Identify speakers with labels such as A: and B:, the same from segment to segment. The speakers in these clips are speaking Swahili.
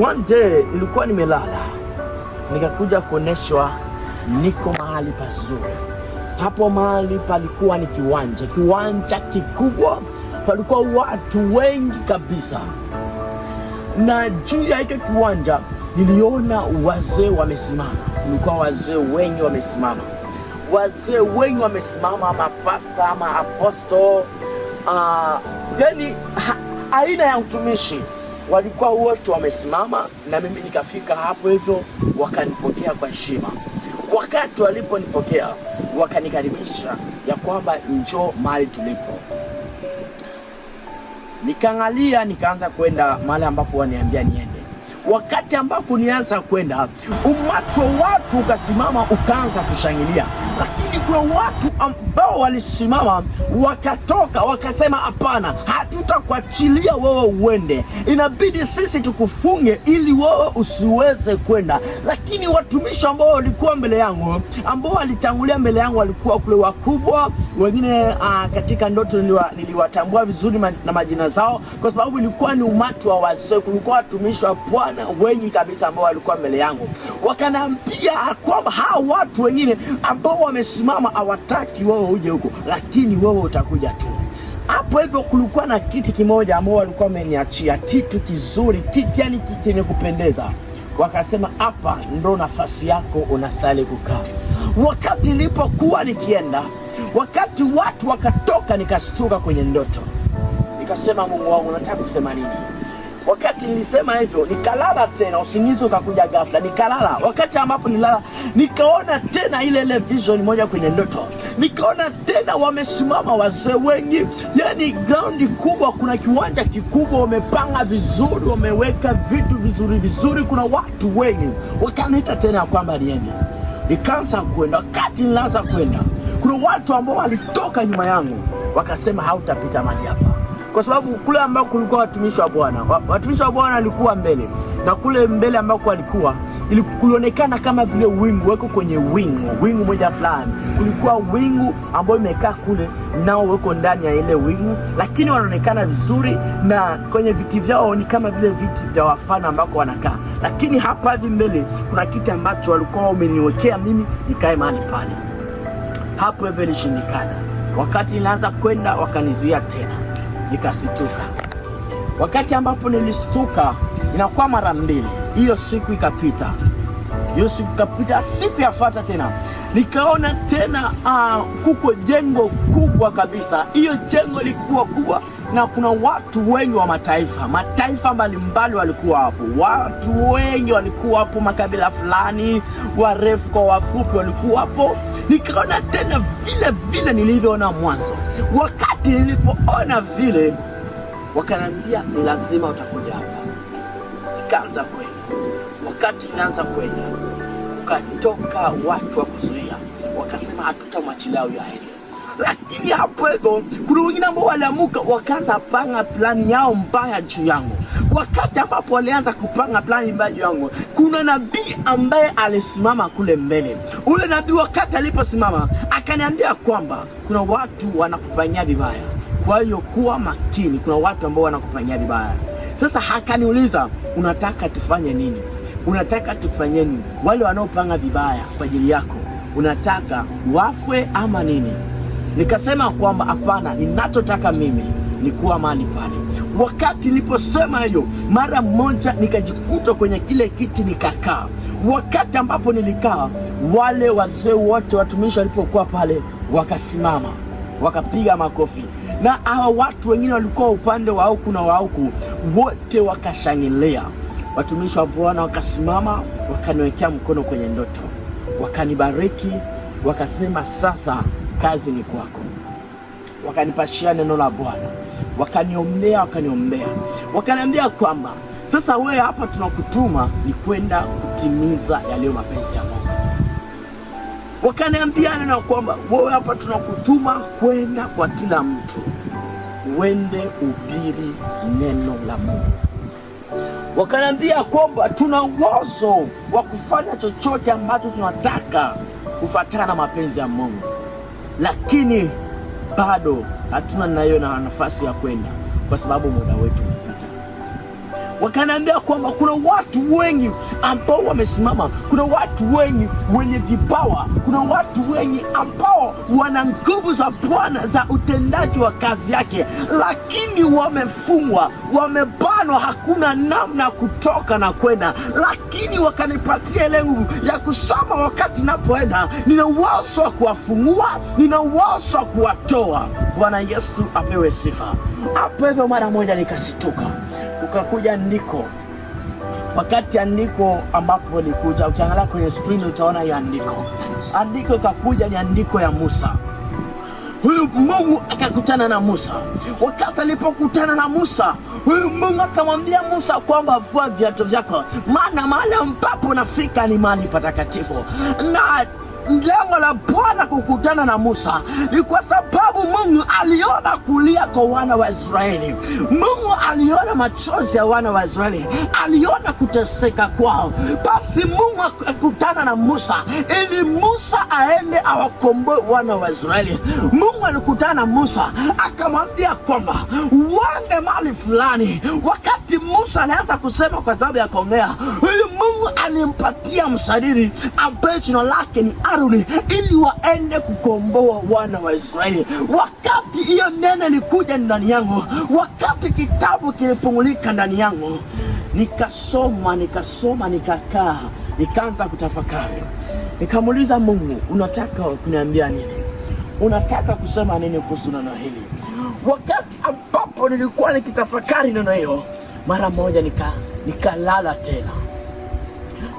A: One day nilikuwa nimelala nikakuja kuoneshwa niko mahali pazuri. Hapo mahali palikuwa ni kiwanja, kiwanja kikubwa, palikuwa watu wengi kabisa, na juu ya hiki kiwanja niliona wazee wamesimama. Kulikuwa wazee wengi wamesimama, wazee wengi wamesimama, mapasta, maapostol, uh, ah, yani aina ya utumishi walikuwa wote wamesimama na mimi nikafika hapo hivyo, wakanipokea kwa heshima. Wakati waliponipokea wakanikaribisha ya kwamba njoo mahali tulipo. Nikaangalia, nikaanza kwenda mahali ambapo waniambia niende. Wakati ambapo nianza kwenda, umati wa watu ukasimama ukaanza kushangilia, lakini kuna watu ambao walisimama wakatoka wakasema, hapana, hatutakuachilia wewe uende, inabidi sisi tukufunge ili wewe usiweze kwenda. Lakini watumishi ambao walikuwa mbele yangu, ambao walitangulia mbele yangu, walikuwa kule wakubwa wengine. Uh, katika ndoto niliwatambua vizuri ma, na majina zao, kwa sababu ilikuwa ni umati wa wazee. Kulikuwa watumishi wa Bwana wengi kabisa ambao walikuwa mbele yangu, wakaniambia kwamba hawa watu wengine ambao wamesimama kama hawataki wewe uje huko, lakini wewe utakuja tu hapo hivyo. Kulikuwa na kiti kimoja ambao walikuwa wameniachia kitu kizuri, kiti yani chenye kupendeza, wakasema hapa ndo nafasi yako, unastahili kukaa. Wakati nilipokuwa nikienda, wakati watu wakatoka, nikastuka kwenye ndoto, nikasema Mungu wangu, nataka kusema nini? Wakati nilisema hivyo nikalala tena, usingizi ukakuja ghafla, nikalala. Wakati ambapo nilala, nikaona tena ile ile vision moja kwenye ndoto, nikaona tena wamesimama wazee wengi, yani ground kubwa, kuna kiwanja kikubwa, wamepanga vizuri, wameweka vitu vizuri vizuri, kuna watu wengi. Wakaniita tena ya kwamba niende, nikaanza kwenda. Wakati nilianza kwenda, kuna watu ambao walitoka nyuma yangu wakasema, hautapita mahali hapa kwa sababu kule ambako kulikuwa watumishi wa Bwana, watumishi wa Bwana walikuwa mbele, na kule mbele ambako walikuwa kulionekana kama vile wingu weko kwenye wingu, wingu moja fulani. Kulikuwa wingu ambayo imekaa kule, nao weko ndani ya ile wingu, lakini wanaonekana vizuri, na kwenye viti vyao ni kama vile viti vya wafana ambako wanakaa. Lakini hapa hivi mbele kuna kiti ambacho walikuwa wameniwekea mimi nikae mahali pale. Hapo hivyo ilishindikana, wakati nilianza kwenda wakanizuia tena nikasituka. Wakati ambapo nilistuka, inakuwa mara mbili, hiyo siku ikapita, hiyo siku ikapita, siku yafuata tena nikaona tena uh, kuko jengo kubwa kabisa. Hiyo jengo likuwa kubwa na kuna watu wengi wa mataifa mataifa mbalimbali walikuwa hapo, watu wengi walikuwa hapo, makabila fulani, warefu kwa wafupi walikuwa hapo. Nikaona tena vile vile nilivyoona mwanzo, waka Wakati nilipoona vile, wakanambia ni lazima utakuja hapa. Nikaanza kwenda. Wakati inaanza kwenda, ukatoka watu wa kuzuia, wakasema hatutamwachilia huyo aende. Lakini hapo hivyo, kuna wengine ambao waliamuka, wakaanza panga plani yao mbaya juu yangu. Wakati ambapo walianza kupanga plani mbaya juu yangu, kuna nabii ambaye alisimama kule mbele. Ule nabii wakati aliposimama akaniambia kwamba kuna watu wanakufanyia vibaya, kwa hiyo kuwa makini, kuna watu ambao wanakufanyia vibaya. Sasa akaniuliza unataka tufanye nini? Unataka tukufanyie nini? Wale wanaopanga vibaya kwa ajili yako unataka wafwe ama nini? Nikasema kwamba hapana, ninachotaka mimi ni kuwa mahali pale. Wakati niliposema hiyo, mara moja nikajikuta kwenye kile kiti nikakaa. Wakati ambapo nilikaa, wale wazee wote watumishi walipokuwa pale, wakasimama wakapiga makofi, na hawa watu wengine walikuwa upande wa huku na wa huku, wote wakashangilia. Watumishi wa Bwana wakasimama, wakaniwekea mkono kwenye ndoto, wakanibariki, wakasema sasa kazi ni kwako wakanipashia neno la Bwana, wakaniombea, wakaniombea, wakaniambia kwamba sasa wewe hapa tunakutuma ni kwenda kutimiza yaliyo mapenzi ya Mungu. Wakaniambia neno kwamba wewe hapa tunakutuma kwenda kwa kila mtu, uende ubiri neno la Mungu. Wakaniambia kwamba tuna uwezo wa kufanya chochote ambacho tunataka kufuatana na mapenzi ya Mungu, lakini bado hatuna nayo na nafasi ya kwenda, kwa sababu muda wetu umepita. Wakaniambia kwamba kuna watu wengi ambao wamesimama, kuna watu wengi wenye vipawa, kuna watu wengi ambao wana nguvu za Bwana za utendaji wa kazi yake, lakini wamefungwa wame mfano hakuna namna kutoka na kwenda, lakini wakanipatia ile nguvu ya kusoma wakati napoenda. Nina uwezo wa kuwafungua, nina uwezo wa kuwatoa. Bwana Yesu apewe sifa. Hapo hivyo mara moja nikasituka, ukakuja andiko. Wakati andiko ambapo likuja, ukiangalia kwenye skrini utaona hiyo andiko, andiko ikakuja, ni andiko ya Musa. Huyu Mungu akakutana na Musa. Wakati alipokutana na Musa, huyu Mungu akamwambia Musa kwamba vua viatu vyako, maana mahali ambapo nafika ni mahali patakatifu na lengo la Bwana kukutana na Musa ni kwa sababu Mungu aliona kulia kwa wana wa Israeli. Mungu aliona machozi ya wana wa Israeli, aliona kuteseka kwao. Basi Mungu akakutana na Musa ili Musa aende awakomboe wana wa Israeli. Mungu alikutana na Musa akamwambia kwamba wande mali fulani. Wakati Musa anaanza kusema kwa sababu ya kuongea, huyu Mungu alimpatia msadiri ambaye jina lake ni Haruni ili waende kukomboa wana wa Israeli. Wakati hiyo neno likuja ndani yangu, wakati kitabu kilifungulika ndani yangu, nikasoma nikasoma, nikakaa, nikaanza kutafakari, nikamuuliza Mungu, unataka kuniambia nini? Unataka kusema nini kuhusu neno hili? Wakati ambapo nilikuwa nikitafakari neno hilo, mara moja nikalala nika tena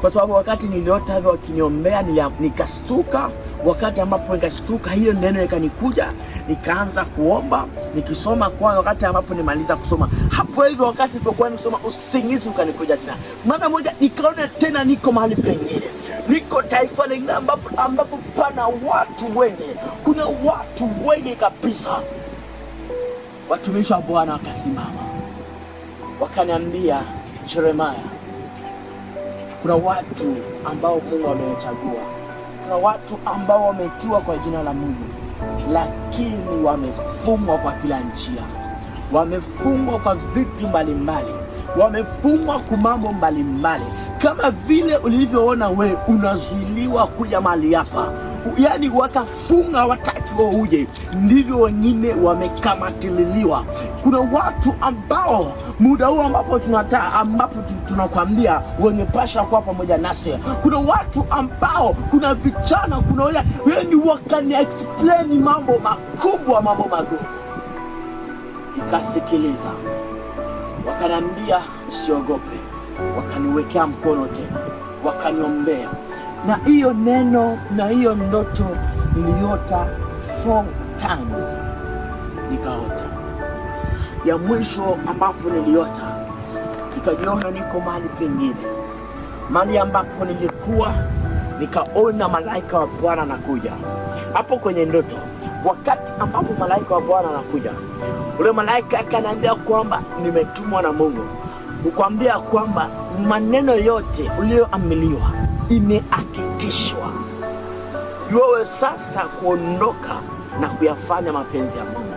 A: kwa sababu wakati niliota hivyo wakiniombea, nikastuka. Wakati ambapo nikastuka, hiyo neno ikanikuja, nikaanza kuomba nikisoma kwa wakati ambapo nimaliza kusoma hapo hivyo, wakati nilipokuwa nikisoma, usingizi ukanikuja tena mara moja, nikaona tena niko mahali pengine, niko taifa lingine ambapo, ambapo pana watu wengi, kuna watu wengi kabisa. Watumishi wa Bwana wakasimama wakaniambia, Jeremaya kuna watu ambao Mungu amewachagua, kuna watu ambao wametiwa kwa jina la Mungu, lakini wamefungwa kwa kila njia, wamefungwa kwa vitu mbalimbali, wamefungwa kwa mambo mbalimbali, kama vile ulivyoona we unazuiliwa kuja mahali hapa yani wakafunga wataki wauje, ndivyo wengine wamekamatililiwa Kuna watu ambao muda huu ambapo tunataa ambapo tunakwambia wamepasha kuwa pamoja nasi. Kuna watu ambao, kuna vijana, kuna wale yani wakani explain mambo makubwa, mambo magumu, nikasikiliza. Wakaniambia usiogope, wakaniwekea mkono tena, wakaniombea na hiyo neno na hiyo ndoto niliota four times, nikaota ya mwisho ambapo niliota nikajiona niko mahali pengine, mahali ambapo nilikuwa nikaona malaika wa Bwana anakuja hapo kwenye ndoto. Wakati ambapo malaika wa Bwana anakuja, ule malaika akaniambia kwamba nimetumwa na Mungu kukwambia kwamba maneno yote uliyoamiliwa imehakikishwa. Wewe sasa kuondoka na kuyafanya mapenzi ya Mungu,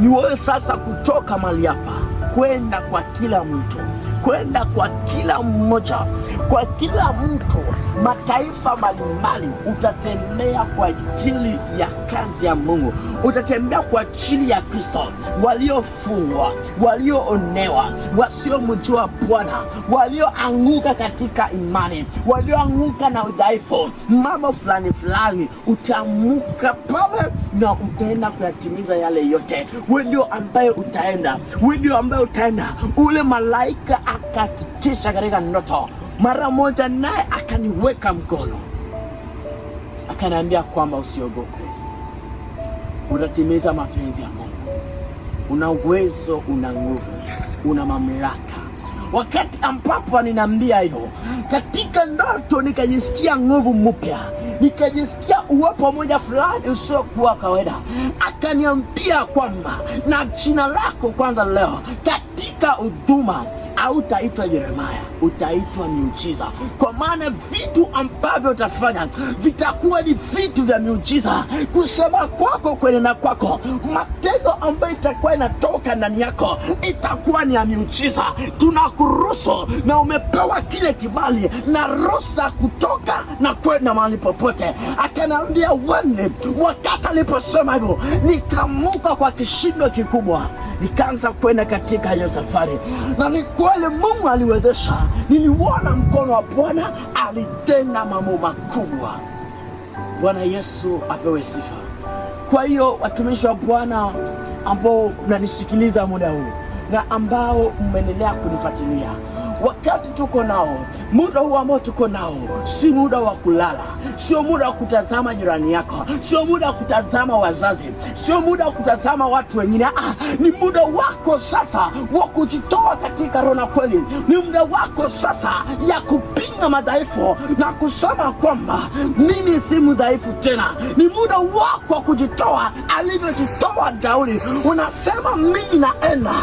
A: ni wewe sasa kutoka mali hapa kwenda kwa kila mtu kwenda kwa kila mmoja, kwa kila mtu, mataifa mbalimbali. Utatembea kwa ajili ya kazi ya Mungu, utatembea kwa ajili ya Kristo. Waliofungwa, walioonewa, wasiomjua Bwana, walioanguka katika imani, walioanguka na udhaifu, mambo fulani fulani, utaamuka pale na utaenda kuyatimiza yale yote. Wewe ndio ambaye utaenda, wewe ndio ambaye utaenda ule malaika akakikisha katika ndoto. Mara moja naye akaniweka mkono, akaniambia kwamba usiogope, utatimiza mapenzi ya Mungu. Una uwezo, una nguvu, una mamlaka. Wakati ambapo ninaambia hivyo, katika ndoto nikajisikia nguvu mpya, nikajisikia uwepo mmoja fulani usiokuwa kawaida. Akaniambia kwamba na jina lako kwanza leo katika huduma hautaitwa Yeremia, utaitwa miujiza, kwa maana vitu ambavyo utafanya vitakuwa ni vitu vya miujiza. Kusema kwako, kwenena kwako, matendo ambayo itakuwa inatoka ndani yako itakuwa ni ya miujiza. Tunakuruhusu na umepewa kile kibali na ruhusa kutoka na kwenda mahali popote. Akanaambia wanne, wakati aliposema hivyo nikamu nilivuka kwa kishindo kikubwa, nikaanza kwenda katika hiyo safari, na ni kweli Mungu aliwezesha. Niliuona mkono wa Bwana, alitenda mambo makubwa. Bwana Yesu apewe sifa. Kwa hiyo watumishi wa Bwana ambao mnanisikiliza muda huu na ambao mmeendelea kunifuatilia Wakati tuko nao, muda huu ambao tuko nao, si muda wa kulala, sio muda wa kutazama jirani yako, sio muda wa kutazama wazazi, sio muda wa kutazama watu wengine. Ah, ni muda wako sasa wa kujitoa katika roho na kweli. Ni muda wako sasa ya kupinga madhaifu na kusema kwamba mimi si mdhaifu tena. Ni muda wako wa kujitoa alivyojitoa Daudi. Unasema mimi naenda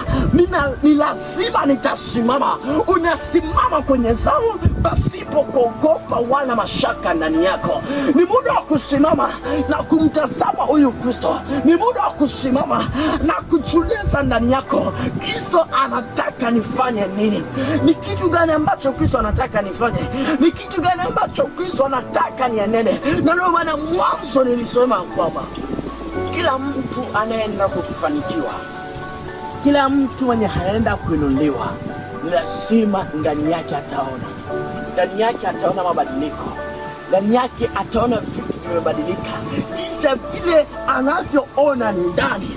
A: hapa nitasimama. Unasimama kwenye zamu pasipo kuogopa wala mashaka ndani yako. Ni muda wa kusimama na kumtazama huyu Kristo. Ni muda wa kusimama na kujiuliza ndani yako, Kristo anataka nifanye nini? Ni kitu gani ambacho Kristo anataka nifanye? Ni kitu gani ambacho Kristo anataka nienene? Na ndio maana mwanzo nilisema kwamba kila mtu anaenda kukufanikiwa kila mtu mwenye haenda kuinuliwa lazima ndani yake ataona, ndani yake ataona mabadiliko, ndani yake ataona vitu vimebadilika. Kisha vile anavyoona ndani,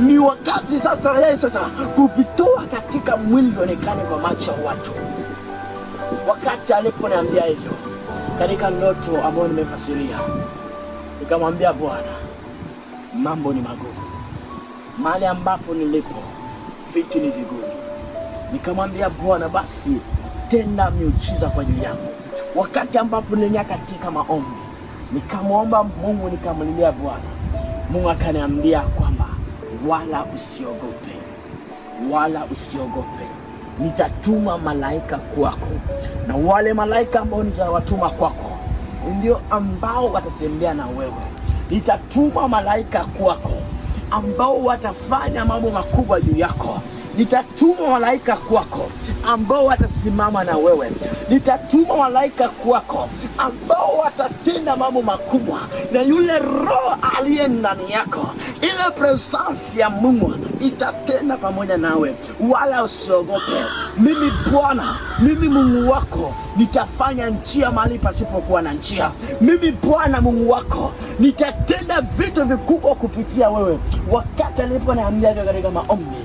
A: ni wakati sasa yeye sasa kuvitoa katika mwili vionekane kwa macho ya watu. Wakati aliponiambia hivyo katika ndoto ambayo nimefasiria, nikamwambia Bwana, mambo ni magumu mahali ambapo nilipo viti ni vigumu. Nikamwambia Bwana, basi tenda miujiza kwa ajili yangu. Wakati ambapo niliingia katika maombi, nikamwomba Mungu, nikamlilia Bwana. Mungu akaniambia kwamba wala usiogope, wala usiogope, nitatuma malaika kwako, na wale malaika ambao nitawatuma kwako ndio ambao watatembea na wewe. Nitatuma malaika kwako ambao watafanya mambo makubwa juu yako. Nitatuma malaika kwako ambao watasimama na wewe. Nitatuma malaika kwako ambao watatenda mambo makubwa, na yule roho aliye ndani yako, ile presence ya Mungu itatenda pamoja nawe, wala usiogope. Mimi Bwana, mimi Mungu wako nitafanya njia mahali pasipokuwa na njia. Mimi Bwana Mungu wako nitatenda vitu vikubwa kupitia wewe. Wakati aliponiambia hivyo katika maombi,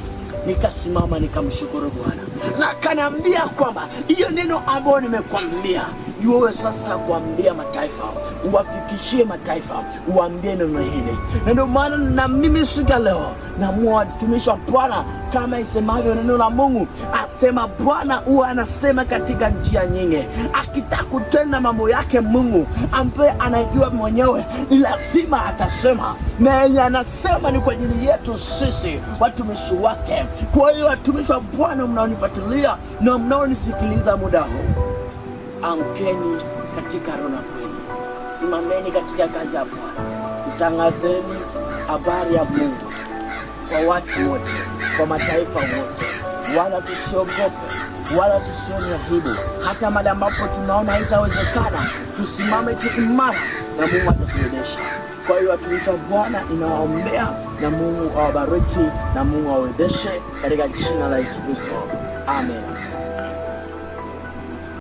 A: nikasimama nikamshukuru Bwana na kaniambia kwamba hiyo neno ambayo nimekwambia wewe sasa kuambia mataifa, uwafikishie mataifa, uambie neno hili. Na ndio maana na mimi siku ya leo na watumishi wa Bwana kama isemavyo neno la Mungu, asema Bwana huwa anasema katika njia nyingi. Akitaka kutenda mambo yake Mungu ambaye anajua mwenyewe ni lazima atasema, na yeye anasema ni kwa ajili yetu sisi watumishi wake. Kwa hiyo watumishi wa Bwana mnaonifuatilia na mnaonisikiliza muda huu amkeni katika roho na kweli, simameni katika kazi ya Bwana, mtangazeni habari ya Mungu kwa watu wote, kwa mataifa wote, wala tusiogope wala tusione aibu. Hata mada ambapo tunaona haitawezekana, tusimame tu imara na Mungu atatuendesha. Kwa hiyo watumishi wa Bwana inawaombea na Mungu awabariki na Mungu awawezeshe katika jina la Yesu Kristo, amen.